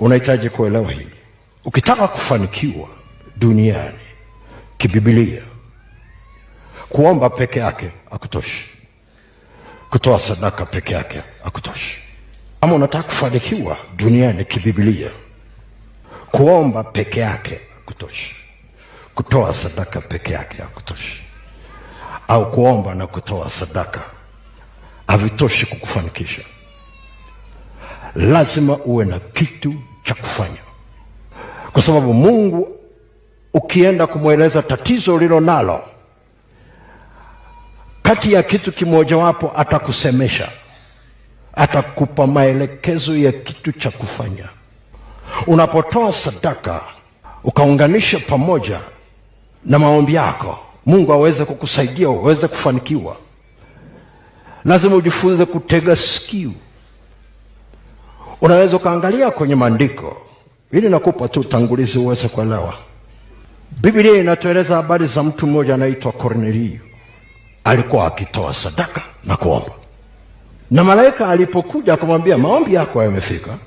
Unahitaji kuelewa hili. Ukitaka kufanikiwa duniani kibibilia, kuomba peke yake akutoshi kutoa sadaka peke yake akutoshi Ama unataka kufanikiwa duniani kibibilia, kuomba peke yake akutoshi kutoa sadaka peke yake akutoshi au kuomba na kutoa sadaka havitoshi kukufanikisha. Lazima uwe na kitu cha kufanya, kwa sababu Mungu ukienda kumweleza tatizo ulilo nalo, kati ya kitu kimojawapo atakusemesha, atakupa maelekezo ya kitu cha kufanya. Unapotoa sadaka ukaunganisha pamoja na maombi yako, Mungu aweze kukusaidia uweze kufanikiwa. Lazima ujifunze kutega sikio. Unaweza ukaangalia kwenye maandiko, ili nakupa tu utangulizi uweze kuelewa. Biblia inatueleza habari za mtu mmoja anaitwa Kornelio, alikuwa akitoa sadaka na kuomba, na malaika alipokuja akamwambia, maombi yako yamefika,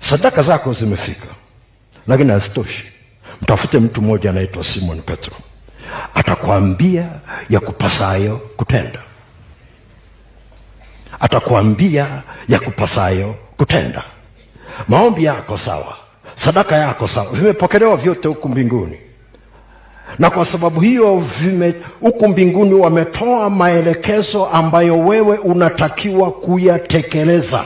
sadaka zako zimefika, lakini hazitoshi, mtafute mtu mmoja anaitwa Simon Petro, atakwambia ya kupasayo kutenda, atakwambia ya kupasayo kutenda. Maombi yako sawa, sadaka yako sawa, vimepokelewa vyote huku mbinguni, na kwa sababu hiyo vime huku mbinguni wametoa maelekezo ambayo wewe unatakiwa kuyatekeleza,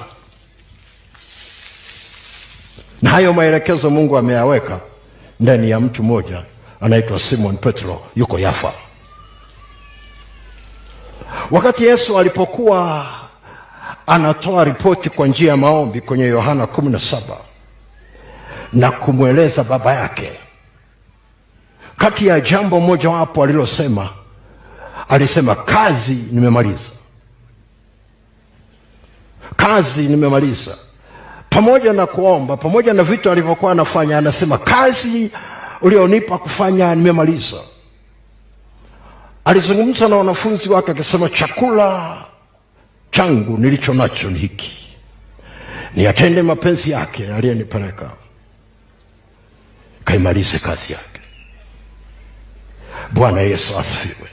na hayo maelekezo Mungu ameyaweka ndani ya mtu mmoja anaitwa Simon Petro, yuko Yafa. Wakati Yesu alipokuwa anatoa ripoti kwa njia ya maombi kwenye Yohana kumi na saba na kumweleza baba yake. Kati ya jambo mojawapo alilosema, alisema kazi nimemaliza, kazi nimemaliza. Pamoja na kuomba, pamoja na vitu alivyokuwa anafanya, anasema kazi ulionipa kufanya nimemaliza. Alizungumza na wanafunzi wake akisema chakula changu nilicho nacho ni hiki, niyatende mapenzi yake aliyenipeleka, kaimalize kazi yake. Bwana Yesu asifiwe.